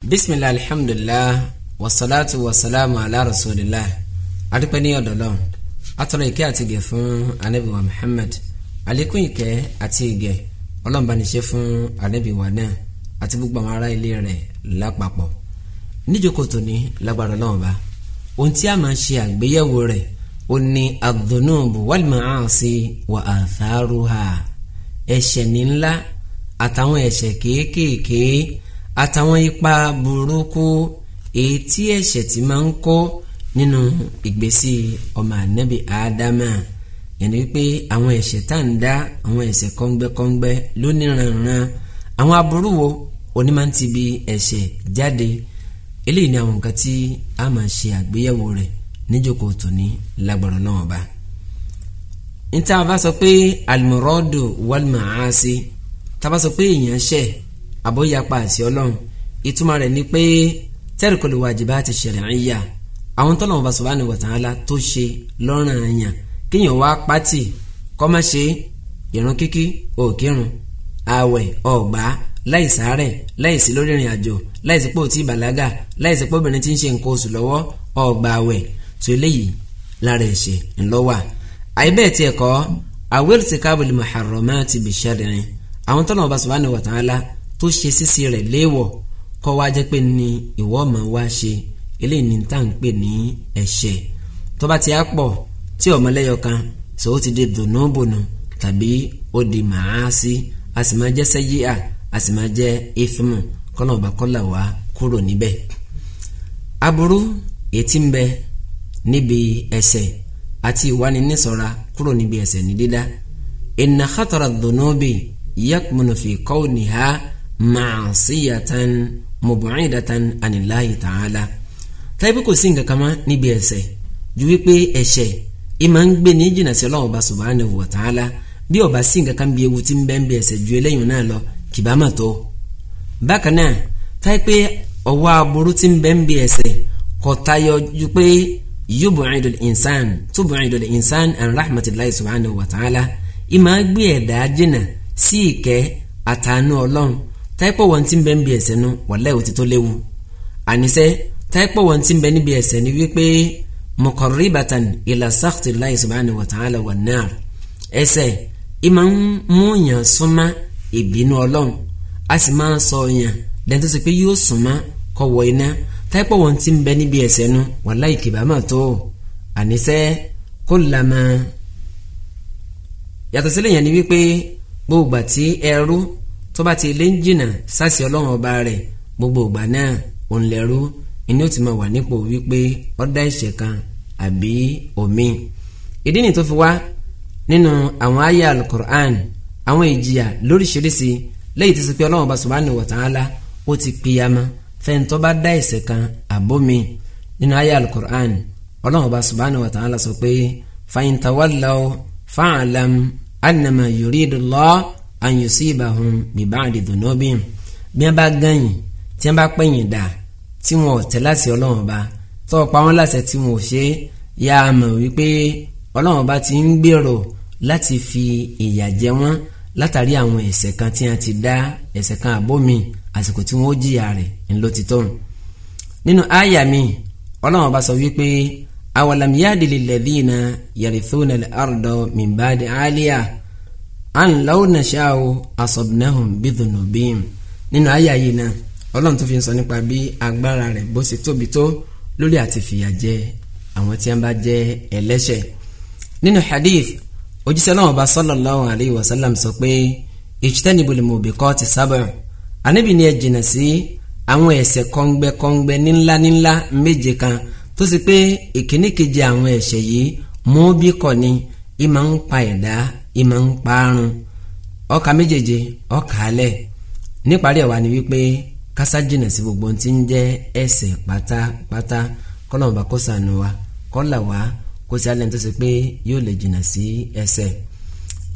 bisimilahi alhamdulilah wasalaatu wasalaamu ala rasulillah adúpẹ́ ní ọ̀dọ̀ Ọlọ́run atọrọ ìkẹ́ àti ìgẹ̀ fún anabi wa muhammad àlékún ìkẹ́ àti ìgẹ̀ Ọlọ́run bá ni ṣe fún anabi wa náà àti gbogbo àwọn ará ilé rẹ̀ lápapọ̀ níjókòó tòní lágbára Ọlọ́run bá ohun tí a máa ṣe àgbéyẹ̀wò rẹ̀ ó ní adùnúbù wal ma'asi wa atharuha ẹ̀ṣẹ̀ ní ńlá àtàwọn ẹ̀ṣẹ̀ kéékèèké àtàwọn ipa burúkú èyí tí ẹ̀ṣẹ̀ ti máa ń kó nínú ìgbésí ọmọ ànábì ádámà yẹn ni pé àwọn ẹ̀ṣẹ̀ tá à ń dá àwọn ẹ̀ṣẹ̀ kọ́ngbẹ́kọ́ngbẹ́ lóníranran àwọn aburú wo oní máa ń ti bi ẹ̀ṣẹ̀ jáde eléyìí ni àwọn nǹkan tí a máa ṣe àgbéyẹ̀wò rẹ̀ níjókòó tòní lágbára náà bá níta bá sọ pé alimọ̀rọ́dù wàlmọ̀ àásí tá a bá sọ pé èèyàn ṣẹ̀ àbóyapa àṣẹ ọlọ́run ìtumọ̀ rẹ̀ ni pé tẹ́rìkọlù wàjibá ti ṣẹlẹ̀ ń yà àwọn tọ́lọ́wọ́n bá subhanahu wa ta'ala tó ṣe lọ́rùn àyàn kéèyàn wá pátì kọ́ má ṣe ìrun kíkí òkírun ààwẹ̀ ọ̀gbá láìsí àárẹ̀ láìsí lórí ìrìn àjò láìsí pé òtí ìbàlágà láìsí pé obìnrin ti ń ṣe nǹkan oṣù lọ́wọ́ ọ̀gbà ààwẹ̀ tó eléyìí lára ẹ̀ṣẹ̀ ńlọ́wà àìbẹ́ẹ̀ tiẹ̀ kọ́ àwẹ̀rẹ̀ ti káàbọ̀lì muharramati bìṣẹ́rin àwọn tọ́lọ́wọ́n bá subhanahu wa ta'ala tó ṣe ṣíṣe rẹ̀ léèwọ̀ kọ́ wá jẹ́ pé ní ìwọ ọmọ wa ṣe eléyìí ní tá à ń pè ní ẹ̀ṣẹ̀ tó bá ti á pọ̀ tí ọmọlẹ́yọ kan sọ ó ti di dùnúbùnú tàbí ó di màásí a sì máa jẹ́ sẹ́yíà a sì máa jẹ́ efimu kọ́nà ọba kọ́là wá kúrò níbẹ̀. aburú ètí ń bẹ níbi ẹ̀ṣẹ̀ àti ìwáninísọ̀ra kúrò níbi ẹ̀ṣẹ̀ ní dídá inna khatara dhunubi yakmunu fi qawniha maasiyatan mọ̀bùnrìndàtàn àníláyè tààlà táìpé kò sí nǹkan mọ́ níbi ẹ̀ṣẹ̀ ju wípé ẹ̀ṣẹ̀ ìmọ̀ ń gbé ní jìnnà sí ọlọ́run ọba subhanahu wa ta'ala bí ọba sí nǹkan kan bí ewu tí ń bẹ́ẹ̀ bí ẹ̀ṣẹ̀ ju eléyìí náà lọ kì bá mà tó. bákan náà táìpé ọwọ́ aburú tí ń bẹ́ẹ̀ bí ẹ̀ṣẹ̀ kò tayọ ju pé yub'idul insan tub'idul insan an rahmatillahi subhanahu wa ta'ala ìmọ̀ gbé ẹ̀dá jìnnà sí ìkẹ́ àtàánú ọlọ́run táìpọ̀ wọn ti ń bẹ níbi ẹ̀ṣẹ̀ nu wàláì ó ti tó léwu àníṣe táìpọ̀ wọn ti bẹ níbi ẹ̀ṣẹ̀ ni wípé muqarribatan ila sakhti Allahi subhanahu wa ta'ala wan nar ẹ̀ṣẹ̀ ìmọ̀ ń mú yàn súnmọ́ ìbínú ọlọ́run a sì máa sọ yàn lẹ́yìn tó ṣe pé yóò súnmọ́ kọ́ wọ iná táìpọ̀ wọn ti bẹ níbi ẹ̀ṣẹ̀ nu wàláì kìbá mà tó àníṣe kullama yàtọ̀ sílẹ̀ yẹn ni wípé gbogbo àti ẹrú tó bá ti lé ń jìnnà sásì ọlọ́run ọba rẹ̀ gbogbo ìgbà náà òun lẹ́rú ni ó ti máa wà nípò wípé ọ̀dá ẹ̀ṣẹ̀ kan àbí omi. ìdí nìyí tó fi wá nínú àwọn àyà alukur'an àwọn ìjìyà lóríṣiríṣi lẹ́yìn tí sèpé ọlọ́run ọba subhanahu wa ta'ala ó ti pìyàmọ́ fẹ́ntọ́ bá dá ẹ̀ṣẹ̀ kan àbómi nínú àyà alukur'an ọlọ́run ọba subhanahu wa sọ pé fàyìntàwálà fa'alam annama yuridullah an yusibahum bi ba'di dhunubihim bí wọ́n bá gànyìn tí wọ́n bá pẹ̀yìn dà tí wọ́n ọ̀tẹ́ láti ọlọ́run bá tó pa wọ́n láṣẹ tí wọ́n ò ṣe yá a mọ̀ wípé ọlọ́run bá ti ń gbèrò láti fi ìyà jẹ wọ́n látàrí àwọn ẹ̀ṣẹ̀ kan tí wọ́n ti dá ẹ̀ṣẹ̀ kan àbómi àsìkò tí wọ́n ó jìyà rẹ̀ ńlọ ti tó nínú àyà mi ọlọ́run bá sọ wípé awalam yadilil ladhina yarithuna al-arda min ba'di aliya an law nasha'u asabnahum bidhunubihim nínú àyà yìí náà ọlọ́run tó fi ń sọ nípa bí agbára rẹ̀ bó ṣe tóbi tó lórí àti fìyà jẹ àwọn tí wọ́n bá jẹ ẹlẹ́ṣẹ̀ nínú hadith òjíṣẹ́ náà ọba sallallahu alayhi wa sallam sọ pé ijtanibul mubiqati sab'a ànábì ni ẹ jìnnà sí àwọn ẹ̀ṣẹ̀ kọ́ngbẹ́kọ́ngbẹ́ nínlá nínlá méje kan tó sì pé ìkíníkejì àwọn ẹ̀ṣẹ̀ yìí mú bí kọ́ ìmọ̀ ń pa ẹ̀dá ìmọ̀ ń parun ọkà méjèèjì ọkà alẹ́ níparí ẹ̀wà wípé kásá sí gbogbo ohun tí ń jẹ́ ẹsẹ̀ pátápátá kọ́lọ́mù kó sànù wa kọ́là wá kó sí alẹ́ pé yóò lè jìnà sí ẹsẹ̀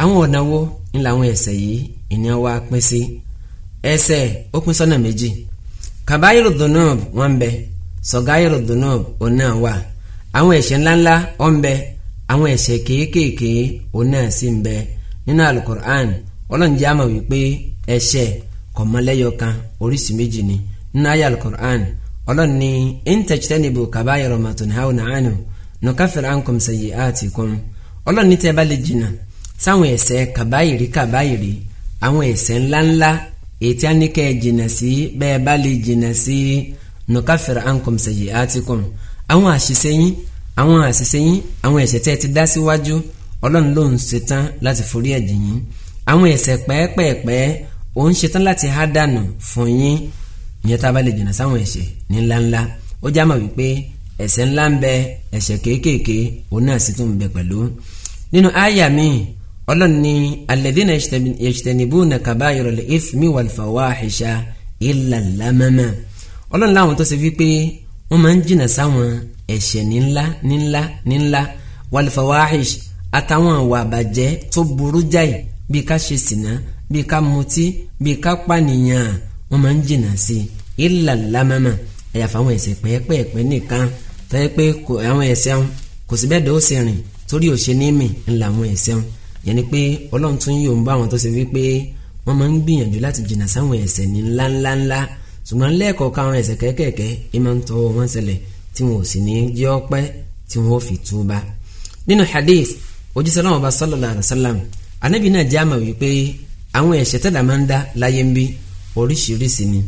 àwọn ọ̀nà wo ń la àwọn yìí ènìyàn pín sí méjì kàbáyìrò dùnúb wọn bẹ àwọn ẹ̀ṣẹ̀ kéékèèké òun náà sì ń bẹ nínú alukur'an ọlọ́njẹ́ àmọ̀ wípé ẹ̀ṣẹ̀ kọ̀mọ́lẹ́yọkan oríṣi méjì ni nínú ayé alukur'an ọlọ́ni intajtanibu kabayira ma tunhawna anhu nukaffir ankum sayyi'atikum ọlọ́ni tẹ́ bá lè jìnnà sáwọn ẹ̀ṣẹ̀ ese kabayiri àwọn ẹ̀ṣẹ̀ ńláńlá ètí àníkẹ́ jìnnà sí bẹ́ẹ̀ bá lè jìnnà sí nukaffir ankum sayyi'atikum àwọn àṣìṣe yín àwọn àṣìṣe yín àwọn ẹ̀ṣẹ̀ tẹ́ ẹ ti dá síwájú ọlọ́run ló ń ṣetán láti forí ẹ̀jẹ̀ yín àwọn ẹ̀ṣẹ̀ pẹ́ẹ́pẹ́ẹ́pẹ́ òun ṣetán láti há dànù fún yín ìyẹn tá a bá lè jìnnà sáwọn ẹ̀ṣẹ̀ ní ńláńlá ó já mọ̀ wípé ẹ̀ṣẹ̀ ńlá ń bẹ ẹ̀ṣẹ̀ kéékèèké òun náà sì tún bẹ pẹ̀lú nínú àyà mi ọlọ́run ni alladhina yajtanibuna kabaira al-ithmi ẹ̀ṣẹ̀ nínlá nínlá nínlá wàlífàwáhìs àtàwọn àwọ̀ àbàjẹ́ tó burú jáì bí ká ṣe sìnà bí ká mutí bí ká pànìyàn wọ́n máa ń jìnnà sí i ìlà lámàmà àyàfà àwọn ẹ̀ṣẹ̀ pẹ́ẹ́pẹ́ẹ́pẹ́ nìkan tọ́yẹ́ pé àwọn ẹ̀ṣẹ̀ wọn kò sí bẹ́ẹ̀ dọ́ sí rìn torí ò ṣe ní mì ńlá àwọn ẹ̀ṣẹ̀ wọn yẹn ni pé ọlọ́run tún yóò ń bá àwọn tó ṣe wípé wọ́n máa ń gbìyànjú láti jìnnà sáwọn ẹ̀ṣẹ̀ ní ńláńláńlá ṣùgbọ́n lẹ́ẹ̀kọ̀ọ̀kan àwọn ẹ̀ṣẹ̀ kẹ́kẹ̀kẹ́ ìmọ̀ ń tọ́ wọn ṣẹlẹ̀ tí wọn ò sì ní jẹ́ ọpẹ́ tí wọn ò fi túba. nínú hadith ojúṣe náà ọba sallallahu alayhi wa sallam anabi náà jẹ́ àmà wípé àwọn ẹ̀ṣẹ̀ tẹ́lá máa ń dá láyé ń bí oríṣiríṣi ni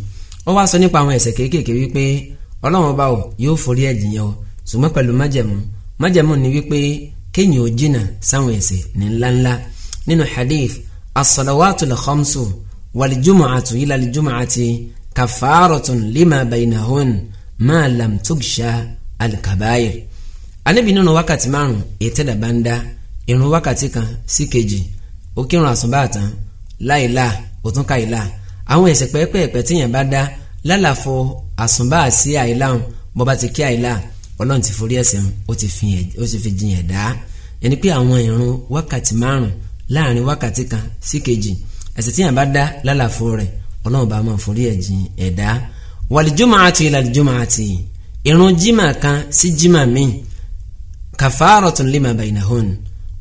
ó wá sọ nípa àwọn ẹ̀ṣẹ̀ kéékèèké wípé ọlọ́run ọba ò yóò forí ẹ̀jìn yẹn o ṣùgbọ́n pẹ̀lú májẹ̀mú májẹ̀mú ni wípé kéèyàn ò jìnnà sáwọn ẹ̀ṣẹ̀ ní ńláńlá nínú hadith as máa lam tugsha alikabaayir anabi nínú wákàtí márùn ètẹ́dà bá ń dá irun wákàtí kan sí kejì ó kírun àsùnbà tán láìlà òtún káìlà àwọn ẹ̀ṣẹ̀ pẹ́ẹ́pẹ́ẹ́pẹ́ tíyàn bá dá lálàfo àsùnbà sí àìlà òun bó bá ti kí àìlà ọlọ́run ti forí ẹ̀ṣẹ̀ ó ti fi jiyàn dá ẹni pé àwọn irun wákàtí márùn láàrin wákàtí kan sí kejì ẹ̀ṣẹ̀ tíyàn bá dá lálàfo rẹ̀ ọlọ́run bá máa forí ẹ̀ jìn ẹ̀dá wàlìjùmọ̀àtì ìlàlìjùmọ̀àtì irun jimá kan sí jimá míì kàfàárọ̀tún lima bainahun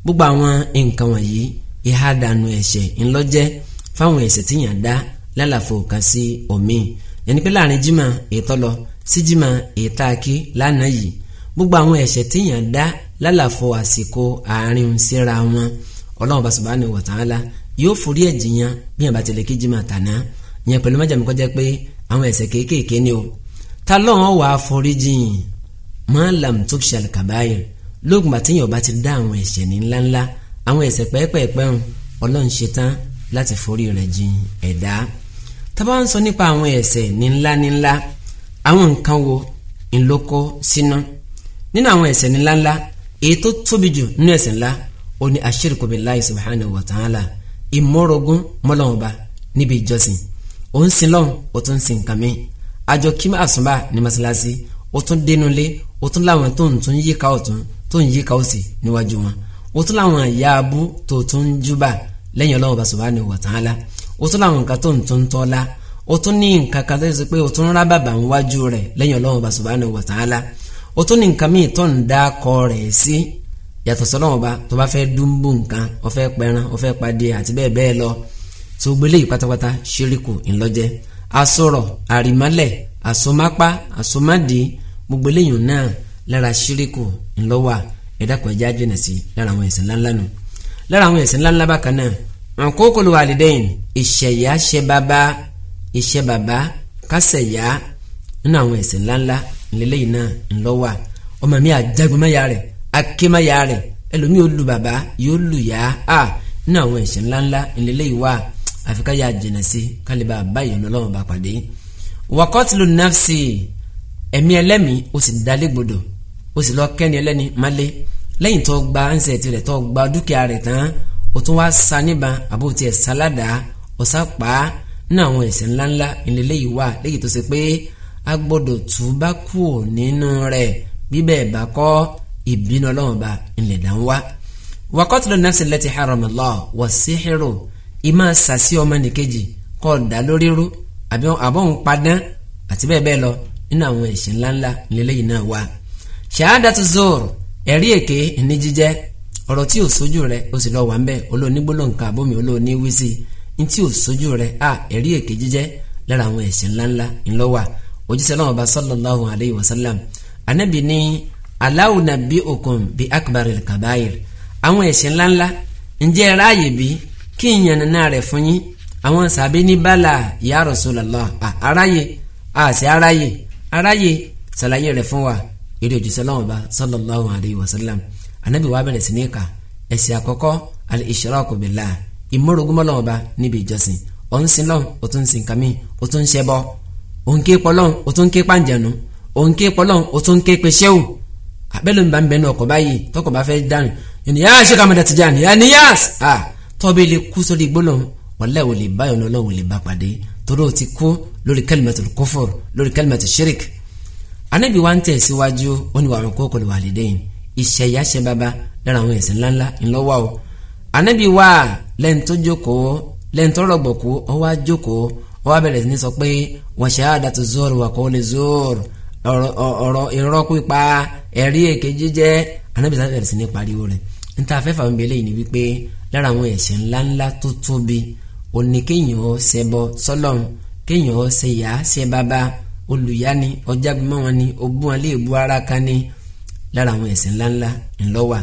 gbogbo àwọn nǹkan wọ̀nyí ìhà dànù ẹ̀ṣẹ̀ ńlọ́jẹ́ fáwọn ẹ̀ṣẹ̀ tíyàn dá lálàfo kan sí omi ẹni pé láàrin jimá ètò lọ sí jimá ètò akí lánàá yìí gbogbo àwọn ẹ̀ṣẹ̀ tíyàn dá lálàfo àsìkò àárín síra wọn ọlọ́run bá subhanahu wa ta'ala yóò forí ẹ̀jìyàn bí yàn bá tilẹ̀ kí jimá tàná yẹn pẹ̀lú májàmú pé àwọn ẹ̀ṣẹ̀ kéékèèké ni o ta lọ́wọ́n wàá foríjìn máa lam tó ṣàlẹ̀ kàbáyìí lóògùn bá tíyàn bá ti dá àwọn ẹ̀ṣẹ̀ ní ńláńlá àwọn ẹ̀ṣẹ̀ pẹ́ẹ́pẹ́ẹ́pẹ́ ń ọlọ́run ṣe tán láti forí rẹ̀ jìn ẹ̀dá tá bá ń sọ nípa àwọn ẹ̀ṣẹ̀ ní ńlá ní ńlá àwọn nǹkan wo ńlọkọ sínú nínú àwọn ẹ̀ṣẹ̀ ní ńláńlá èyí tó tóbi jù nínú ẹ̀ṣẹ̀ ńlá ó ní ashirku billahi subhanahu wa ta'ala ìmọ̀rọ̀gún mọ́lọ́wọ́ba níbi ìjọsìn ó ń sin lọ́hùn ó tún ń sin nǹkan mi àjọ kí àsùnbà ní masalasi ó tún dénú lé ó tún láwọn tó ń tún yíká ọ̀tún tó ń yíká òsì níwájú wọn ó tún láwọn ìyá abú tó tún ń júbà lẹ́yìn ọlọ́run subhanahu wa ta'ala ó tún láwọn nǹkan tó ń tún tọ́lá ó tún ní nǹkan kan tó ṣe pé ó tún rá bàbà níwájú rẹ̀ lẹ́yìn ọlọ́run subhanahu wa ta'ala ó tún ní nǹkan míì tó ń dá kọ rẹ̀ sí yàtọ̀ sọ́lọ́run tó bá fẹ́ dúnbù nǹkan ó fẹ́ pẹran ó fẹ́ padì àti bẹ́ẹ̀ bẹ́ẹ̀ lọ tó gbélé yìí pátápátá ṣíríkù ńlọ́jẹ́ asọ̀rọ̀ àrìmálẹ̀ àsọmápá àsọmádìí gbogbo eléyìí náà lára ṣíríkù ńlọ́wà ẹ̀dàpọ̀ ẹ̀já jìnà sí lára àwọn ẹ̀ṣẹ̀ ńláńlá nù lára àwọn ẹ̀ṣẹ̀ ńláńlá bákan náà àkókòlù àlìdẹ́yìn ìṣẹ̀yà ṣe bàbá ìṣe bàbá kásẹ̀yà nínú àwọn ẹ̀ṣẹ̀ ńláńlá ńlẹ́lẹ́yìn náà ńlọ́wà ọmọ mi àjàgbọ́máyà rẹ̀ akémáyà rẹ̀ ẹlòmíì ó yóò lu yá a nínú àwọn ẹ̀ṣẹ̀ ńláńlá ńlẹ́lẹ́yìn wà àfi ká yà jìnnà sí ká lè bá a bá ìyọnu Ọlọ́run bá pàdé wakọ́tìlù nafsi ẹ̀mí ẹlẹ́mìí ó sì dalé gbọdọ̀ ó sì lọ kẹ́ni ẹlẹ́ni má lé lẹ́yìn tó gba ẹ̀ńsẹ̀tì rẹ̀ tó gba dúkìá rẹ̀ tán ó tún wá sa níbà àbó tiẹ̀ sáládàá ó sá pa á ní àwọn ẹ̀ṣẹ̀ ńláńlá ìlélẹ́ yìí wà léyìí tó ṣe pé a gbọdọ̀ tú bá kú ò nínú rẹ̀ bíbẹ̀ bá kọ́ ìbínú Ọlọ́run bá ńlẹ̀ dá ń wá wakọ́tìlù nafsi lẹ́tì haramallah wà síhìrò ìmọ̀ sàsí ọmọnìkejì kọ́ ọ̀dà lórí rú àbọ̀n padán àti bẹ́ẹ̀ bẹ́ẹ̀ lọ nínú àwọn ẹ̀ṣẹ̀ ńláńlá lélẹ́yìn náà wá. ṣahadatu zor ẹ̀rí èké ní jíjẹ́ ọ̀rọ̀ tí ò sójú rẹ̀ ó sì lọ wà ń bẹ̀ olóòní gbólóǹkà àbómi olóòní wíṣí ní tí ò sójú rẹ̀ a ẹ̀rí èké jíjẹ́ lára àwọn ẹ̀ṣẹ̀ ńláńlá ńlọ́wà òjíṣẹ́ náà ọba sallallahu kí n yànnà náà rẹ̀ fún yín àwọn sàbí ní bàlà ya Rasulullah aráyè ah, àti aráyè aráyè sàlàyé rẹ̀ fún wa eré òjìṣẹ́ lọ́wọ́ sallallahu alayhi wa sallam anabi wa bẹ̀rẹ̀ sí ní kà ẹ̀sìn àkọ́kọ́ al-ishraku billah ìmọ̀rògúnmọ́lọ́wọ́ bá níbi ìjọsìn ọ̀ ń sin lọ́wọ́ ó tún ń sin kàmí ó tún ń ṣẹbọ òun ké pọlọ́n ó tún ń ké pàǹjẹ̀nu òun ké pọlọ́n ó tún ń ké peṣẹ́wò abẹ́lẹ́ mi bá ń bẹnu ọkọ̀ báyìí tọkọ̀ bá fẹ́ dáhùn yóò ní yáa ṣe kàmẹ́dà Tijani ní yáa tọ́bí lè kú sórí igbóná wàlẹ́ ò lè báyọ̀ náà ò lè bá pàdé torí o ti kú lórí kalimatul kufur lórí kalimatul shirik anabi wa ń tẹ̀ síwájú ó ní wàrùn kókò lè wà lédè yìí iṣẹ́ ìyá ṣe bàbá lára àwọn ẹ̀sìn ńláńlá ńlọ́wọ́ o anabi wa lẹ́yìn tó jókòó lẹ́yìn tó rọ̀gbọ̀kú ó wá jókòó ó wá bẹ̀rẹ̀ ní sọ pé wa shahadatu zur wa qawli zur ọ̀rọ̀ irọ́ pípa ẹ̀rí èké jíjẹ́ anabi sábẹ̀ sí ní pariwo rẹ̀ níta afẹ́fà yìí ni wípé lára àwọn ẹ̀ṣẹ̀ ńláńlá tó tóbi òní kéèyàn ó ṣẹbọ sọ́lọ́run kéèyàn ó ṣe yá ṣe bàbá olùyáni ọjàgbọ́n wọn ni ogún alẹ́ ìbú ara kan ni lára àwọn ẹ̀ṣẹ̀ ńláńlá ńlọ́wà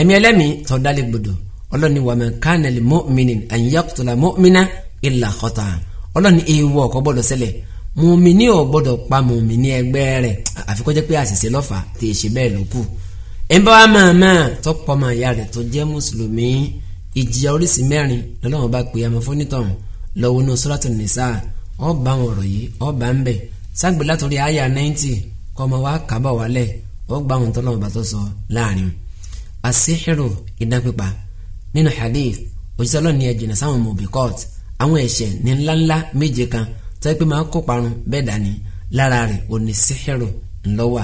ẹ̀mí ẹlẹ́mìí tọ́dálẹ̀ gbọdọ̀ ọlọ́ni wàmẹ̀ kánẹ̀lì mọ́mìnì àyíyàkùtùlà mọ́mìnà ìlà kọ́tà ọlọ́ni èèwọ̀ kò gbọdọ̀ ṣẹlẹ̀ mọ́mìnì ò gbọdọ̀ pa mọ́mìnì ẹgbẹ́ rẹ̀ àfi jẹ́ pé àṣìṣe lọ́fà tè ṣe bẹ́ẹ̀ lókù ẹ̀ ń bá wa máa máa tọ́pọ̀ máa ya rẹ̀ tó jẹ́ mùsùlùmí ìjìyà oríṣi mẹ́rin lọ́lọ́run bá pè àmọ́ fúnitọ̀hún lọ́wọ́ inú sọ́ràtù ọ ọba àwọn ọ̀rọ̀ yìí ọba ń bẹ̀ ságbè látòrí àyà 90 kọma ọmọ wa kábọ̀ wálẹ̀ ọgbà àwọn tọ́lọ́run bá tó sọ láàrin. àṣìṣirò ìdánpípa nínú hadith òjíṣẹ́ ọlọ́run ni ẹ̀jìnà sáwọn àwọn ẹ̀ṣẹ̀ ní ńláńlá méje kan máa kó parun bẹ́ẹ̀ dání lára rẹ̀ ńlọ́wà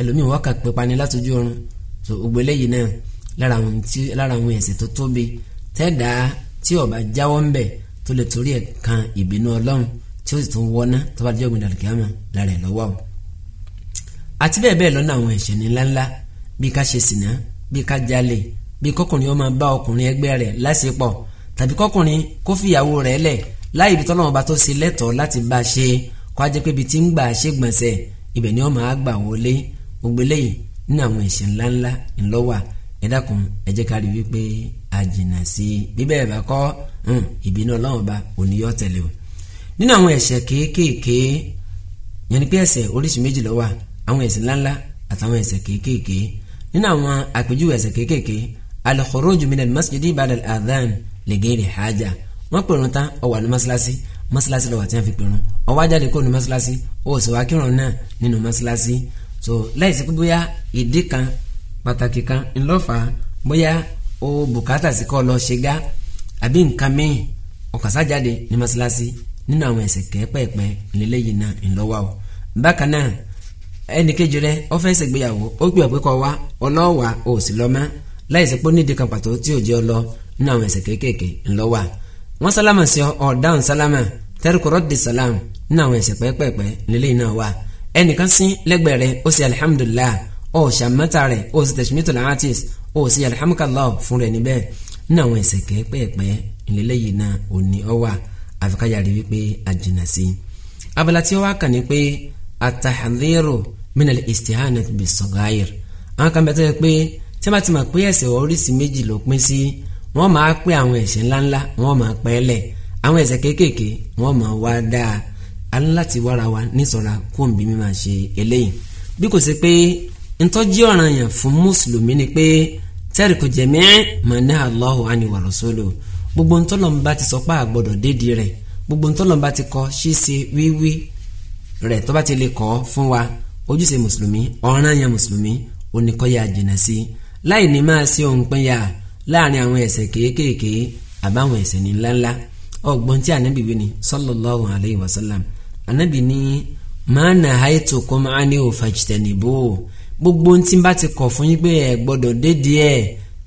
ẹlòmíì wákà pípa ni ọrùn tó lára àwọn ẹ̀ṣẹ̀ tó tóbi tẹ́ẹ̀dá tí ó bá jáwọ́ ń bẹ̀ tó lè torí ẹ̀ kan ìbínú ọlọ́run tí ó sì tún wọ́ná tó bá jọ́gbìn dàlùkìyàmọ̀ lára ẹ̀ lọ́wọ́ o. àti bẹ́ẹ̀ bẹ́ẹ̀ lọ́nà àwọn ẹ̀ṣẹ̀ ní ńláńlá bí ká ṣe sìnà bí ká jalè bí kọkùnrin ó máa bá ọkùnrin ẹgbẹ́ rẹ̀ láṣepọ̀ tàbí kọkùnrin kó fìyàwó rẹ̀ lẹ̀ láì ibi tọ́lọ́mọ bá tó ṣe lẹ́tọ̀ọ́ láti bá a ṣe kó a jẹ́ pé ibi tí ń gbà á ṣe gbọ̀nsẹ̀ ibẹ̀ ni ó máa gbà wọlé gbogbo eléyìí nínú àwọn ẹ̀ṣẹ̀ ńláńlá ńlọ́wà ẹ dákun ẹ jẹ́ ká rí wípé a jìnnà sí bíbẹ́ ẹ̀ bá kọ́ ìbínú ọlọ́run ọba òní yọ o nínú àwọn ẹ̀ṣẹ̀ kéékèèké yẹn ni pé ẹ̀ṣẹ̀ oríṣi méjì ló wà àwọn ẹ̀ṣẹ̀ ńláńlá àtàwọn ẹ̀ṣẹ̀ kéékèèké nínú àwọn àpèjúwe ẹ̀ṣẹ̀ kéékèèké al-khuruj min al-masjid ba'da al-adhan li ghayri haja wọ́n pèrún tán ó wà ní mọ́ṣáláṣí mọ́ṣáláṣí ló wà tí wọ́n fi pèrún ó wá jáde kúrò ní mọ́ṣáláṣí ó sì wá náà nínú mọ́ṣáláṣí so láìsí pé bóyá ìdí kan pàtàkì kan ńlọ́fà bóyá o bùkátà sí kọ́ lọ ṣe gá àbí nǹkan míì ọ̀kàsájáde ní mọ́ṣáláṣí nínú àwọn ẹ̀ṣẹ̀ kẹ́ẹ́pẹ̀ẹ́pẹ́ lélẹ́yìn náà ńlọ́wà o bákan náà ẹnìkejì rẹ ó fẹ́ ṣègbéyàwó ó gbé ọ̀pẹ́ kọ́ wa ọlọ́wà ò sì lọ mọ́ láìsí pé nídìí kan pàtó tí ò jẹ́ ọ lọ nínú àwọn ẹ̀ṣẹ̀ kéékèèké ńlọ́wà wọ́n sálámà sí ọ ọ̀dáhùn sálámà tẹ́rùkọ́rọ́ di sàlám nínú àwọn ẹ̀ṣẹ̀ pẹ́ẹ́pẹ́ẹ́pẹ́ lélẹ́yìn náà wà ẹnìkan sí lẹ́gbẹ̀ẹ́ rẹ ó sì alihamudulilayi ọ̀ ṣàmọ́ta rẹ̀ ọ̀ sì tashmitul atis ọ̀ sì alhamdulilah fún rẹ̀ níbẹ̀ ní àwọn ẹ̀ṣẹ̀ kẹ́ẹ́pẹ́ẹ́pẹ́ ìlélẹ́yìí náà ò ní ọ wà àfikáyàrí wípé àjìnà sí i. abala tí ó wá kàn ní pé atahdhiru minal istihanat bis-sagair àwọn kan bẹ tẹ́ pé tí wọ́n ti mọ̀ pé ẹ̀ṣẹ̀ oríṣi méjì ló pín sí wọ́n máa pé àwọn ẹ̀ṣẹ̀ ńláńlá wọ́n máa pẹ́ lẹ̀ àwọn ẹ̀ṣẹ̀ kéékèèké wọ́n máa wá dáa aláti wára wa nísọ̀ra kó ń bí mi máa ṣe eléyìí bí kò sí pé ntọ́jú ọ̀ràn yẹn fún mùsùlùmí ni pé tẹ́rìkù jẹ̀mí mọ̀nà Allahu ani wa rasulu gbogbo ntọ́lọ́mùbá ti sọ pé àgbọ̀dọ̀ dédi rẹ̀ gbogbo ntọ́lọ́mùbá ti kọ ṣíṣe wíwí rẹ̀ tó bá ti lè kọ́ fún wa ojúṣe mùsùlùmí ọ̀ràn yẹn mùsùlùmí oníkọ́yà jìnnà sí i láì ní máa ṣe ohun pín ya láàrin àwọn ẹ̀ṣẹ̀ kéékèèké àbáwọn ẹ̀ṣẹ̀ ní ńláńlá ọgbọ́n tí ànábì wí ni sallallahu alayhi wa sallam ànábì ní ma nahaytukum anhu fajtanibuhu gbogbo ohun tí n bá ti kọ̀ fún yín pé ẹ gbọ́dọ̀ dédìí ẹ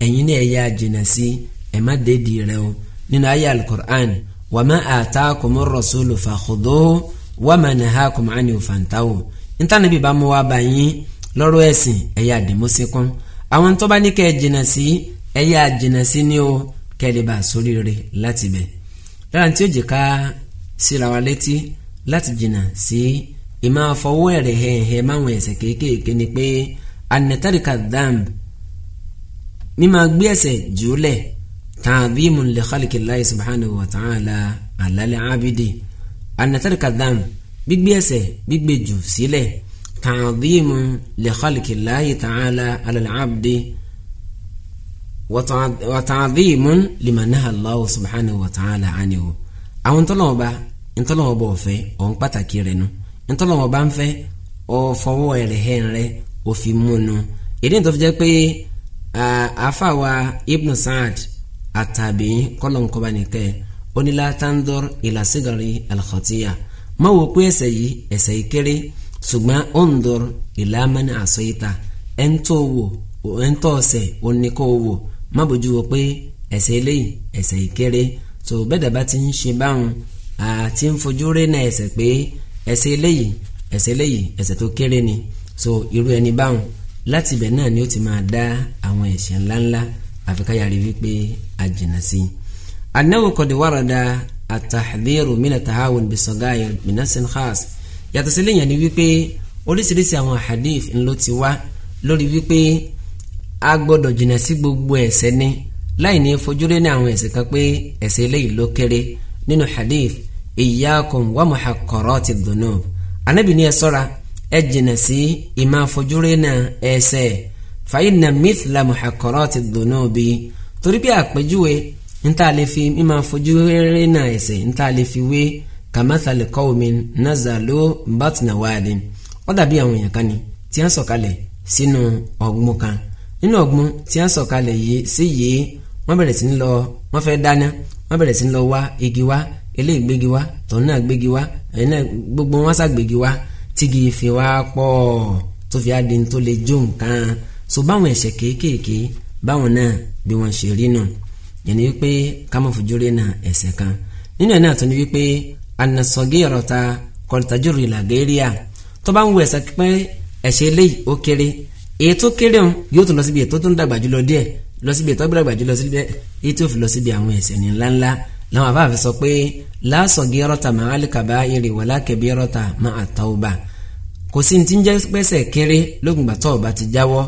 ẹ̀yin ni ẹ yà jìnnà sí ẹ má dédìí rẹ o nínú ayé alukur'an wàmà àtàkùn rọ̀ṣọ́lù fàkùdó wàmà nàhàkùn àni òfàǹtàwò nítorí bí bá mú wa bá yín lọ́rọ̀ ẹ̀sìn ẹ yà dìmọ́sí kan àwọn tó bá ní kẹ́ ẹ jìnnà sí ẹ yà jìnnà sí ni o kẹ́lẹ́bà sóríire láti bẹ̀ lára tí ó jẹ́ ká síra wa létí láti jìnnà sí ìmọ̀ àfọwọ́ ẹ̀rẹ̀ hẹ̀hẹ̀ máwọn ẹ̀ṣẹ̀ kéékèèké ni pé anẹtàríkà dáàmù mímọ gbé ẹ̀ṣẹ̀ jùlẹ̀ tààbí múlẹ̀ khalqillahi subhanahu wa ta'ala alálẹ̀ ábídì anẹtàríkà dáàmù gbígbé ẹ̀ṣẹ̀ gbígbé jù sílẹ̀ tààbí múlẹ̀ khalqillahi ta'ala alálẹ̀ ábídì wàtàdí mun limanaha Allahu subhanahu wa ta'ala anihu àwọn ntọ́lọ́wọ́ bá ntọ́lọ́wọ́ bá ọ̀fẹ́ ọ̀hún pàtàkì rẹ̀ nù. No ntọ́lọ́wọ́ bá ń fẹ́ ọ fọwọ́ ẹ̀rẹ̀ hẹ́n rẹ òfin múnu èdè tó fi jẹ́ pé àfàwà Ibn Sa'ad àtàbí kọ́lọ́nkọ́ba nìkẹ́ onílà tandor ìlàsígàrí alkhatiya má wò pé ẹ̀ṣẹ̀ yìí ẹ̀ṣẹ̀ yìí kéré ṣùgbọ́n ondor ìlàmánì àsọyíta ẹ̀ńtọ́ wò ẹ̀ńtọ́ ọ̀sẹ̀ oníkọ́ wò má bójú wò pé ẹ̀ṣẹ̀ eléyìí ẹ̀ṣẹ̀ yìí kéré tó bẹ́ẹ̀ dàbá ti ń ṣe báwọn àti ń fojú rí náà ẹ̀ṣẹ̀ pé ẹ̀ṣẹ̀ eléyìí ẹ̀ṣẹ̀ eléyìí ẹ̀ṣẹ̀ tó kéré ni so irú ẹni báwọn láti ibẹ̀ náà ni ó ti máa dá àwọn ẹ̀ṣẹ̀ ńláńlá àfikáyàrí wípé àjìnà sí i. anáwó kọ̀dé wàràdà àtàhàdérò mina tahawun bisọ̀gáyà mina sinhas yàtọ̀ sí lẹ́yìn ni wípé oríṣiríṣi àwọn hadith ńlọ ti wá lórí wípé a gbọ́dọ̀ jìnà sí gbogbo ẹ̀ṣẹ̀ ni láì ní fojú rẹ́ ní àwọn ẹ̀ṣẹ̀ kan pé ẹ̀ṣẹ̀ eléyìí ló kéré nínú hadith iyakun wa muhaqqarati dhunub anabi ni ẹ ṣọ́ra ẹ jìnnà sí ìmọ̀ fa inna mithla muhaqqarati dhunubi torí bí àpèjúwe níta lè fi mímọ̀ àfojúrénà ẹ̀ṣẹ̀ níta lè fi wé kamathali qawmin nazalu batna wadin ó dàbí àwọn èèyàn kan ni tí wọ́n sọ̀kalẹ̀ sínú kan nínú ọ̀gbun tí eléyìí gbégi wá tòun náà gbégi wá ẹ̀yin náà gbogbo wọn sá gbégi wá tígi fi wá pọ̀ tó fi adi tó lè jó nǹkan so báwọn ẹ̀ṣẹ̀ kéékèèké báwọn náà bí wọ́n ṣe rí nù yẹn ni wípé kámọ́fojúrí náà ẹ̀ṣẹ̀ kan nínú ẹ̀ náà tó ni wípé anasọ̀gé ọ̀rọ̀ta kọ̀rọ̀tajúrò ìlàgẹ́ríà tó bá ń wo ẹ̀ṣẹ̀ pé ẹ̀ṣẹ̀ eléyìí ó kéré èyí tó kéré ń yóò tún lọ síbi ètò tó ń dàgbà jùlọ díẹ̀ lọ síbi ètò tó jùlọ síbi èyí tó àwọn ẹ̀ṣẹ̀ ní ńláńlá làwọn afáàfin sọ pé lásọ̀gì rọ́tà máa alìkàbá irè wà lákẹ́bí rọ́tà máa tàwùbà kò sí ní ti ń jẹ́ pẹ́sẹ̀ kéré lóògùnbà tó bá ti jáwọ́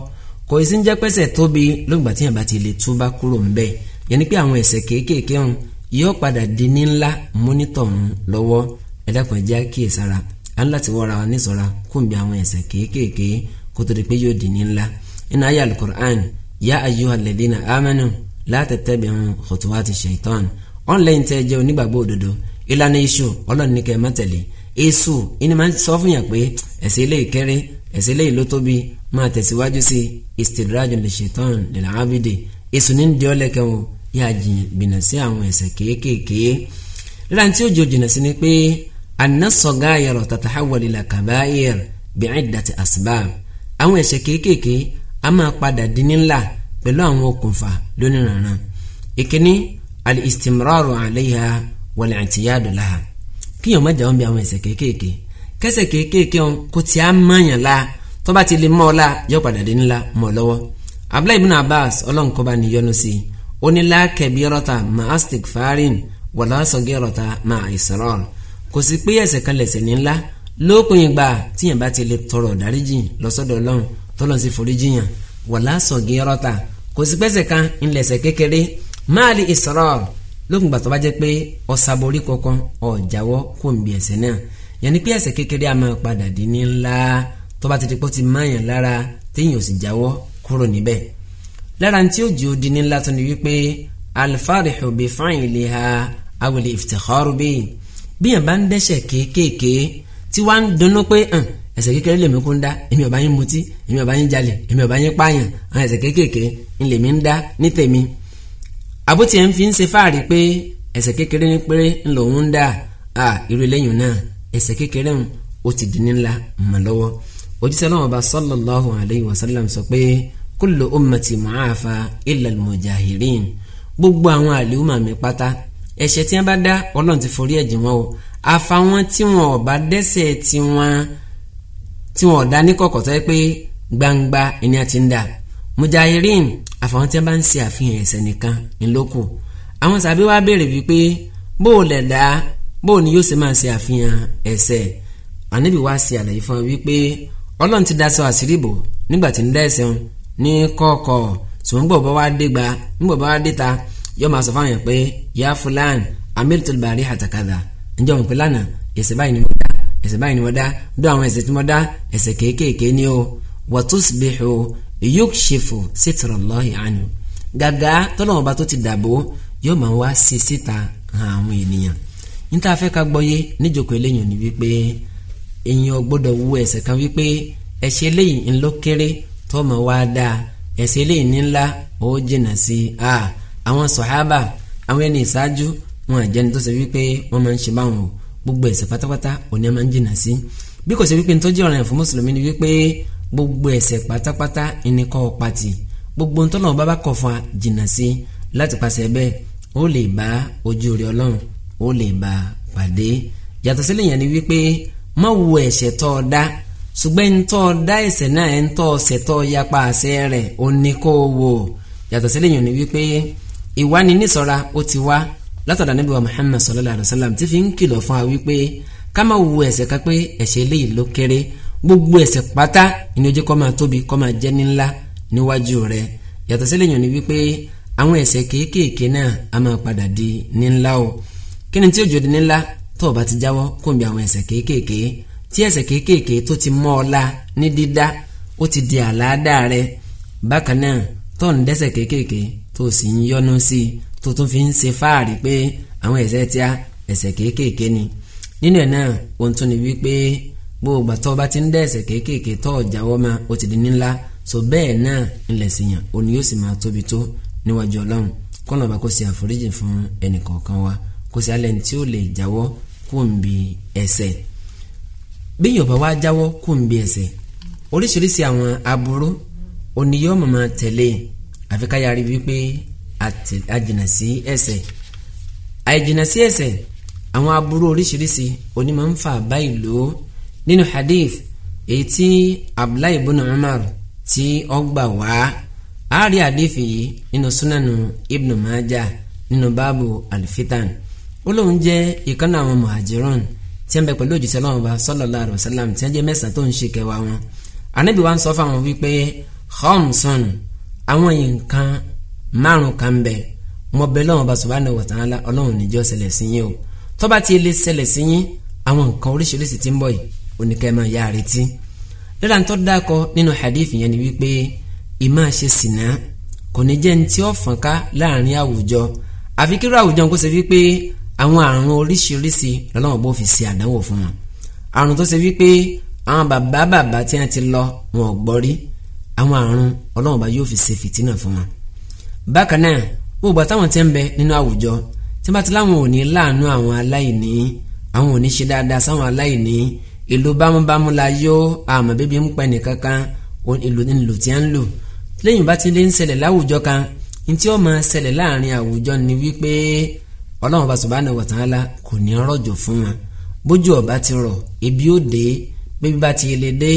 kò sí ní jẹ́ pẹ́sẹ̀ tóbi lóògùnbà tí yàn bá ti lè túbá kúrò ń bẹ̀ yẹn ni pé àwọn ẹ̀ṣẹ̀ kéékèèké hàn yóò padà di ní ńlá mọ́nítọ̀ ń lọ́wọ́ ẹ̀dá kan já kíyèsára á ń láti wọ́ra wa níṣọ́ra kúńbi àwọn ẹ̀ṣẹ̀ kéékèèké kó tó di pé yóò di ní ńlá nínú ayé alukur'an yá ayyuhal ladina amanu la tattabi'u khutuwati shaitan ọ̀n lẹ́yìn tẹ́ jẹ́ onígbàgbọ́ òdodo ìlànà iṣu ọlọ́ọ̀ni kẹ́ ẹ má tẹ̀lé èso ìní máa ń sọ fún yàn pé ẹ̀ṣẹ̀ eléyìí kéré ẹ̀ṣẹ̀ eléyìí ló tóbi máa tẹ̀síwájú sí istidrajun lè ṣetán lẹ́la ábídè èso ní di ọlẹ́kẹ́ wọn yà jìnnà sí àwọn ẹ̀ṣẹ̀ kéékèèké lílànà tí ó jò jìnnà sí ni pé anasọgáyẹrọ tatahawalila kabayẹr bi'iddat asbab àwọn ẹ̀ṣẹ̀ kéékèèké a máa padà di ní ńlá pẹ̀lú àwọn okùnfà lóníranran ìkíní al-istimraru alayha wal-i'tiyadu laha kíyàn má jáwọ́ bí àwọn ẹ̀ṣẹ̀ kéékèèké kẹ́ṣẹ̀ kéékèèké ọ̀hún kò tí a mọ̀yàn la tó bá ti lè mọ́ ọ la yọ padà dé ńlá mọ́ ọ lọ́wọ́ abdullahi ibn abbas ọlọ́nkọ́ba níyọnu sí i ó ní la kabirata ma'a istighfarin wala saghirata ma'a israr kò sí pé ẹ̀ṣẹ̀ kan lẹ̀ṣẹ̀ ní ńlá ìgbà tíyàn bá ti lè tọrọ dáríjì lọ́sọ́dọ̀ ọlọ́run tọ́lọ́ sí foríjìyàn wala saghirata kò sí pẹ́ṣẹ̀ kan ńlẹ̀ṣẹ̀ kékeré Maali israel lókun gbàtọ́ bá jẹ́ pé ọ̀sàbọ̀rí kankan ọ̀jáwọ́ kò ń bi ẹ̀ṣẹ̀ náà yẹn ni pé ẹ̀ṣẹ̀ kékeré a máa padà di ní ńlá tó bá ti di pọ́ ti máyàn lára téèyàn ò sì jáwọ́ kúrò níbẹ̀ lára tí ó jẹ́ odi ní ńlá tó ni wípé alifarihu bi fa'iliha awele iftikharu bi bí yẹn bá ń dẹ́ṣẹ̀ kéékèèké tí wàá ń dunnú pé ẹ̀ṣẹ̀ kékeré lèmi kún dá èmi ò yín mutí èmi ò yín jalè èmi ò yín pààyàn àwọn ẹ̀ṣẹ̀ kéékèèké ńlèmi ń dá ní tèmi àbótí ẹ̀ ń fi ń ṣe fáàrí pé ẹ̀ṣẹ̀ kékeré ní péré ń lòun ń dà á irú eléyìn náà ẹ̀ṣẹ̀ kékeré ń ó ti di nílá mọ̀ lọ́wọ́ òjíṣẹ́ náà ọba sallallahu alayhi wa sọ pé kullu ummati mu'afa illa al-mujahirin gbogbo àwọn àlùmọ̀ mi pátá ẹ̀ṣẹ̀ tí wọ́n bá dá ọlọ́run ti forí ẹ̀jẹ̀ wọn o àfàwọn tí wọn ò bá tí wọn tí ní kọ̀kọ̀ pé gbangba ẹni àti ń dà mujahirin àfọwọ́n tí wọ́n bá ń ṣe àfihàn ẹ̀ṣẹ̀ nìkan ńlọ́kù àwọn sàbí wa béèrè wípé bó o lè dá bó o ní yóò ṣe máa ṣe àfihàn ẹ̀ṣẹ̀ ànábì wa ṣe àlàyé fún wọn wípé ọlọ́run ti daṣọ àṣírí bò nígbà tí ń dá ẹ̀ṣẹ̀ wọn ní kọ̀ọ̀kọ̀ sòun gbọ̀ bá wá dé gba ńgbọ̀ bá wá dé ta yóò máa sọ fáwọn yẹn pé yá fúlàn amílù tó bàárí àtàkàdà ǹjẹ́ wọn pé lánàá ẹ̀ṣẹ̀ báyìí ni mo dá ẹ̀ṣẹ̀ báyìí ni mo dá yukshifu sitrallahi anhu gàgà tọ́lọ́mọba tó ti dàbò yóò máa wá sí síta hàn àwọn ènìyàn níta fẹ́ ká gbọ́yé níjókòó eléyìn ni wípé èèyàn gbọ́dọ̀ wú ẹ̀ṣẹ̀ kan wípé ẹ̀ṣẹ̀ eléyìí ńlọ kéré tó máa wá dáa ẹ̀ṣẹ̀ eléyìí ńlá ó jìnnà sí a àwọn sọ̀hábà àwọn ẹni ìṣáájú wọn àjẹni tó ṣe wípé wọ́n máa ń ṣe báwọn o gbogbo ẹ̀ṣẹ̀ pátápátá òní máa ń jìnnà sí bí kò ṣe wípé ntọ́jú ọ̀ràn fún mùsùlùmí ni wípé gbogbo ẹ̀ṣẹ̀ pátápátá ìníkọ́ pati gbogbo ntọ́nà ọba bá kọ̀ fún wa jìnnà sí láti pàṣẹ bẹ́ẹ̀ ó lè bá ojú rẹ ọlọ́run ó lè bá pàdé yàtọ̀ sílẹ̀ yẹn ni wípé má wo ẹ̀ṣẹ̀ tọ́ ọ dá ṣùgbọ́n ntọ́ ọ dá ẹ̀ṣẹ̀ náà ẹ̀ ntọ́ ọ̀ṣẹ̀ tọ́ yapa àṣẹ rẹ̀ ó ní kó o wò yàtọ̀ sílẹ̀ yẹn ni wípé ìwáni nísọ̀ra ó ti wá látọ̀dá níbi wa Muhammad sallallahu alayhi wa sallam ti fi ń kìlọ̀ fún wa wípé ká má wo ẹ̀ṣẹ̀ kan pé ẹ̀ṣẹ̀ eléyìí ló kéré gbogbo ẹ̀ṣẹ̀ pátá ìní ojú kọ́ máa tóbi kọ́ máa jẹ́ nílá níwájú rẹ yàtọ̀ sílẹ̀ yàn ni wípé àwọn ẹ̀ṣẹ̀ kéékèèké náà a máa padà di nílá o kí ni tí òjò di nílá tó o bá ti jáwọ́ kó n bí àwọn ẹ̀ṣẹ̀ kéékèèké tí ẹ̀ṣẹ̀ kéékèèké tó ti mọ́ ọ la ní dídá ó ti di àlàáda rẹ bákan náà tó ń dẹ́ṣẹ̀ kéékèèké tó o sì ń yọnu sí i tó tún fi ń ṣe fáàrí pé àwọn ẹ̀ṣẹ̀ tíá ẹ̀ṣẹ̀ kéékèèké ni nínú ẹ̀ náà ohun tún ni wípé gbogbo àtọ́ bá ti ń dẹ́sẹ̀ kéékèèké tọ́ ọ̀jà wọ́mà ó ti di nílá so bẹ́ẹ̀ náà ńlẹ̀ sí yàn òní yóò sì máa tóbi tó níwájú ọlọ́run kọ́nà bá kó ṣe àforíjì fún ẹnìkọ̀ọ̀kan wa kó ṣe alẹ́ tí ó lè jáwọ́ kó ń bi ẹ̀ṣẹ̀ bí yorùbá wa jáwọ́ kó ń bi ẹ̀ṣẹ̀ oríṣiríṣi àwọn aburú òní yóò mọ̀ máa tẹ̀lé àfi ká yára wípé àjìnà sí ẹ̀ṣẹ̀ àìjìnà sí ẹ̀ṣẹ̀ àwọn aburú oríṣiríṣi òní máa ń fà báyìí lóò nínú hadith èyí tí abdullahi ibn umar tí ó gbà wá a rí hadith yìí nínú sunanu ibn majah nínú báàbù alfitan ó lóun jẹ́ ìkànnì àwọn muhajirun tí ń bẹ pẹ̀lú òjíṣẹ́ náà wa sallallahu alaihi wasallam tí ń jẹ́ mẹ́sàn tó ń ṣe kẹwàá wọn anabi wa ń sọ fáwọn wípé khamsun àwọn nǹkan márùn kan bẹ mo bẹ lọ́wọ́ bá subhanahu wa ta'ala ọlọ́run níjọ́ ṣẹlẹ̀ sí yín o tó bá ti lè sí yín àwọn nǹkan oríṣiríṣi tí ń bọ̀ yìí oníkẹ́mọ̀ ya retí lára tó dákọ nínú hadith yẹn ni wípé ìmọ̀ ṣe sìnà kò ní jẹ́ ní tí ó fọ́n ká láàrin àwùjọ àfi kíru àwùjọ kó ṣe wípé àwọn àrùn oríṣiríṣi lọ́lọ́wọ́ bó fi ṣe àdánwò fún wọn àrùn tó ṣe wípé àwọn bàbá bàbá tí wọn ti lọ wọn ò gbọ́ rí àwọn àrùn ọlọ́wọ́n bá yóò fi ṣe fìtínà fún wọn bákan náà wọ́n gbà táwọn ti ń bẹ nínú àwùjọ tí wọ́n ti láwọn ò ní láàánú àwọn aláìní àwọn ò ní ṣe dáadáa sáwọn aláìní ìlú bámúbámú la yó àmọ́ bíbí ń pẹ́ nìkan kan ìlú nílò tí a ń lò lẹ́yìn bá ti lé ń ṣẹlẹ̀ láwùjọ kan ntí ó máa ṣẹlẹ̀ láàrin àwùjọ ni wípé ọlọ́run bá subhanahu wa ta'ala kò ní rọ̀jò fún wọn bójú ọba ti rọ̀ ebi ó dé bébí bá ti lè dé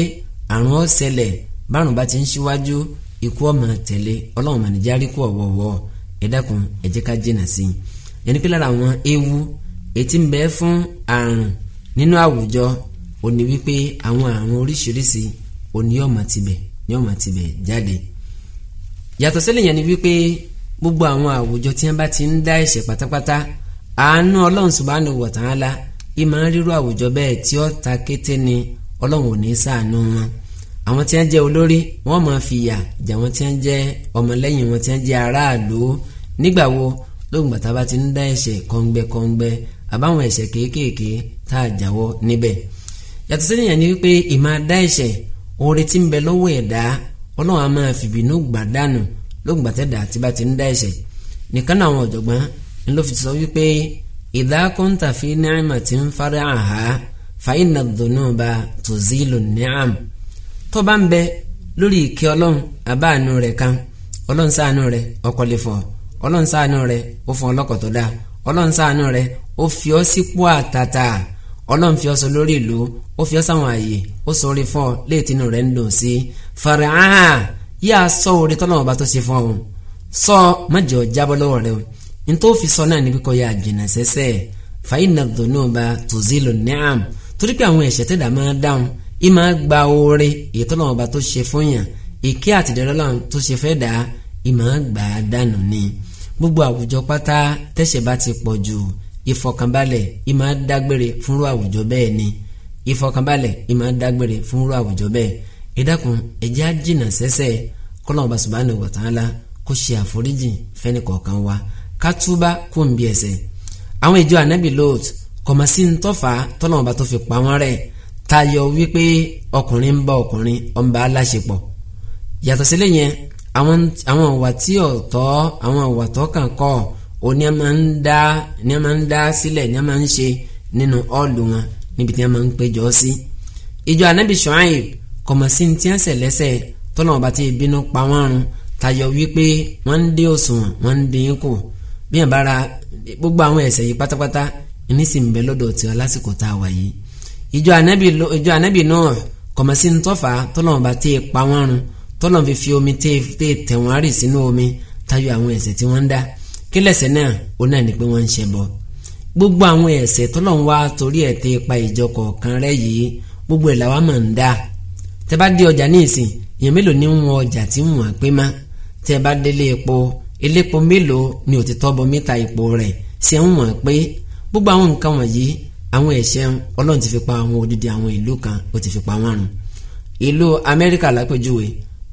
àrùn ó ṣẹlẹ̀ bárùn bá ti ń ṣíwájú ikú ó tẹ̀lé ọlọ́run máa nìjárí kú ọ̀wọ̀ọ̀wọ̀ ẹ dákun ká jìnnà sí i ẹni pé lára àwọn ewu ètí ń bẹ fún àrùn nínú àwùjọ ó ní wípé àwọn àrùn oríṣiríṣi ó ní ọ̀mà tibẹ̀ ní ọ̀mà tibẹ̀ jáde yàtọ̀ sílẹ̀ yẹn ni wípé gbogbo àwọn àwùjọ tí wọ́n bá ti ń dá ẹ̀ṣẹ̀ pátápátá àánú ọlọ́run subhanahu wa ta'ala ìmọ̀ ríru àwùjọ bẹ́ẹ̀ tí ó ta kété ni ọlọ́run ò ní ṣàánú wọn àwọn tí wọ́n jẹ́ olórí wọ́n máa fìyà jẹ àwọn tí wọ́n jẹ́ ọmọlẹ́yìn wọn tí wọ́n jẹ́ aráàlú nígbà wo lóògùn bàtà bá ti ń dá ẹ̀ṣẹ̀ kọ́ngbẹ́kọ́ngbẹ́ àbáwọn ẹ̀ṣẹ̀ kéékèèké tá a jáwọ́ níbẹ̀ yàtọ̀ sẹ́yìn ni wípé ìmọ̀ adá ẹ̀ṣẹ̀ oore tí ń bẹ lọ́wọ́ ẹ̀dá ọlọ́run á máa fìbínú gbà dànù lóògbà tẹ̀dá àti bá ti ń dá ẹ̀ṣẹ̀ nìkan náà àwọn fi sọ wípé idha kunta fi ni'matin fa inna dhunuba ni'am tó bá ń bẹ lórí ìkẹ́ ọlọ́run rẹ̀ kan rẹ̀ rẹ̀ ó fún ọlọ́kọ̀ ọlọ́run fi ọsọ lórí ìlú ó fi ọ sáwọn àyè ó sọ orí fún ọ léètínú rẹ̀ ń lò sí fàràhà yíyá sọ orí tọ́nà ọba tó ṣe fún ọ sọ mọ̀jẹ̀ ọ jábọ́ lọ́wọ́ rẹ o nítorí fi sọ náà níbi kọ́ ya àjìnà sẹ́sẹ́ fàyínà dùnúba tòzílò nìyàm torí pé àwọn ẹ̀ṣẹ̀ tẹ̀dá máa dáhùn ì máa gba oore ìtọ́nà ọba tó ṣe fún yàn ìké àtìdẹ́rọ́lọ́run ìfọ̀kànbalẹ̀ ìmọ̀ dágbére fúnrú àwùjọ bẹ́ẹ̀ ni ìfọ̀kànbalẹ̀ ìmọ̀ dágbére fúnrú àwùjọ bẹ́ẹ̀ ìdákun ẹ̀jẹ̀ á jìnà sẹ́sẹ́ kọ́lọ́mọba subhanahu wa ta'ala kó ṣe àforíjì fẹ́ni kọ̀ọ̀kan wa ká túbá kó ń bí ẹ̀ṣẹ̀ àwọn ìjọ ànábì Lóòt kọ̀mọ̀ sí ń tọ́fà tọ́lọ́mọba tó fi pa wọ́n rẹ̀ tayọ wípé ọkùnrin ń bá ọkùnrin ó aláṣepọ̀ yàtọ̀ sílẹ̀ yẹn àwọn ìwà tí ọ̀tọ̀ àwọn ìwà tó kàn kọ́ ọ̀ ó ní a máa ń dá ní a máa ń dá sílẹ̀ ní a máa ń ṣe nínú ọ́ọ̀lù wọn níbi tí a máa ń péjọ sí. ìjọ anabi Shuaib kọ̀mọ̀ sí ní tí wọ́n ṣẹ̀ lẹ́sẹ̀ tọ́nà ọba tí ìbínú pa wọ́n run tayọ wípé wọ́n ń dín òṣùwọ̀n wọ́n ń dín kù bí yàn gbogbo àwọn ẹ̀ṣẹ̀ yìí pátápátá ní sì ń bẹ lọ́dọ̀ tí ọ lásìkò tá a wà yìí. ìjọ anabi náà kọ̀mọ̀ sí tọ́fà tọ́nà ọba tí pa wọ́n run tọ́nà fi fi omi tí ì rì sínú omi tayọ àwọn ẹ̀ṣẹ̀ tí wọ́n ń dá kí lẹ́ṣẹ̀ náà ó náà ní pé wọ́n ń ṣẹbọ gbogbo àwọn ẹ̀ṣẹ̀ tọ́lọ́run wá torí ẹ̀ tẹ́ pa ìjọ kọ̀ọ̀kan rẹ̀ yìí gbogbo ẹ̀ làwa máa ń dá tẹ́ bá dé ọjà ní ìsìn èèyàn mélòó ní wọn ọjà tí wọn á pé má tẹ́ bá délé epo elépo mélòó ni ò ti tọ́bọ mítà epo rẹ̀ ṣe ń wọ̀n pé gbogbo àwọn nǹkan wọ̀nyí àwọn ẹ̀ṣẹ̀ ọlọ́run ti fi pa àwọn odidi àwọn ìlú kan ó ti fi pa wọ́n run ìlú Amẹ́ríkà lápèjúwe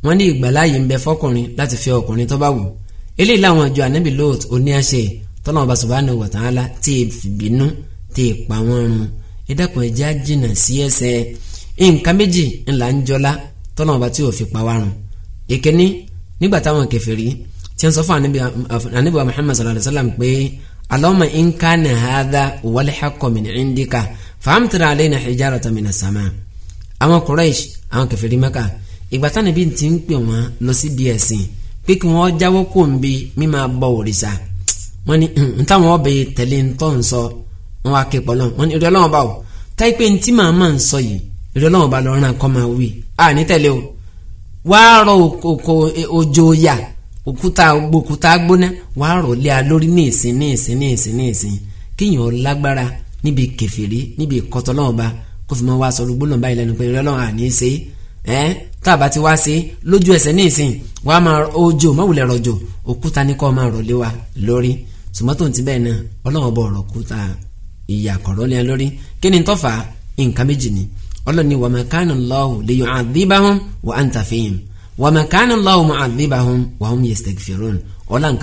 wọ́n ní ìgbàláyè ń bẹ fọkùnrin láti fi ọkùnrin tó bá wù eléyìí làwọn àjọ ànábì Lóòt oníàṣẹ tọ́lá ọba subhanahu wa ta'ala tí ì bínú tí ì pa wọ́n run ẹ dákun ẹ já jìnnà sí ẹ̀ṣẹ̀ nǹkan méjì ńlá ń jọlá tọ́lá ọba tí ò fi pa wá run ìkíní nígbà táwọn kèfèrí tí ń sọ fún ànábì wa Muhammad sallallahu alayhi wa sallam pé Allahumma in kana hadha wal haqqu min indika fa'amtir alayna hijaratan min as-sama' àwọn Quraysh àwọn kèfèrí Mẹ́kà ìgbà táwọn ibi ti ń pè wọ́n lọ sí bíi pé kí wọ́n jáwọ́ kó ń bi mí máa bọ òrìṣà wọ́n ní ntáwọn ọbẹ̀ tẹ̀lé ń sọ wọn wá ké pọ̀lọ́ wọ́n ní ìrẹ́ ọlọ́wọ́n bá pé ntí màá máa ń sọ yìí ìrẹ́ ọlọ́wọ́n bá máa o rọ òkò òjò e, ya òkúta gbòkúta gbóná wàá rọ lé a lórí ní ìsìn ní ìsìn kéèyàn lágbára níbi kẹfìrí níbi ìkọtọ́lọ́wọ́n bá kó fi máa wá ẹ tá ti wá sí lójú ẹsẹ̀ ní ìsìn wàá máa ojo mọ̀wùlẹ̀ rọ̀jò òkúta ní kọ́ máa rọ̀lé wa lórí ti bẹ́ẹ̀ náà ọlọ́run bọ̀ ọ̀rọ̀ kúta ìyà kọ̀rọ̀ lẹ́yìn lórí kí ni tọ́fà nǹkan méjì ni ọlọ́ni nǹkan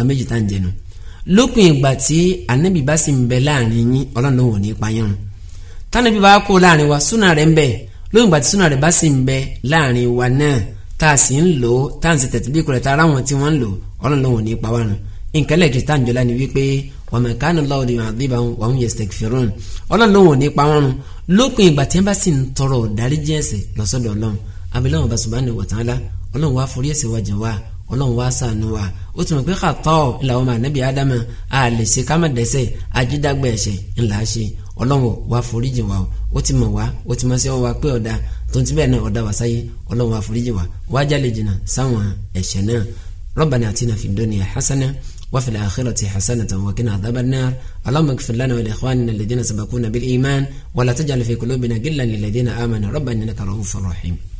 méjì tá à ń jẹnu ìgbà tí anabi bá sì ń bẹ láàrin yín ọlọ́run ní yẹn tánàbí bá kó lóyún ìgbà tí súnà rẹ̀ bá sì ń bẹ láàrin wa náà tá a sì ń lò ó tá à sì tẹ̀tí bí kúrẹ́ tá a ráwọn tí wọ́n ń lò ọlọ́run lòun ò ní pa wá nǹkan lẹ́ẹ̀kì tá à ń jọlá ni wípé wa ma kana Allahu liyu'adhibahum wa hum yastaghfirun ọlọ́run lòun ò ní pa wá run lópin ìgbà tí wọ́n bá sì ń tọrọ ìdáríjì ẹ̀ṣẹ̀ lọ́sọ̀dọ̀ ọlọ́run abilọ́wọ̀n bá subhanahu wa ta'ala ọlọ́run wá forí ẹ̀ṣẹ̀ wa jìn wá ọlọ́run wá tún mọ̀ pé kàtọ́ ńlá ọmọ ànábì ádámà a lè ṣe ká má ńlá ṣe ọlọ́run wá forí jìn o ó ti mọ̀ wá ó ti mọ̀ sí ọwọ́ wa pé ọ̀dà tó ti bẹ́ẹ̀ náà ọ̀dà wá sáyé ọlọ́run àforíjì wa wájà lè jìnnà sáwọn ẹ̀ṣẹ̀ náà ربنا آتنا في الدنيا حسنة وفي الآخرة حسنة وقنا عذاب النار اللهم اغفر لنا ولإخواننا الذين سبقونا بالإيمان ولا تجعل في قلوبنا غلا للذين آمنوا ربنا إنك رؤوف رحيم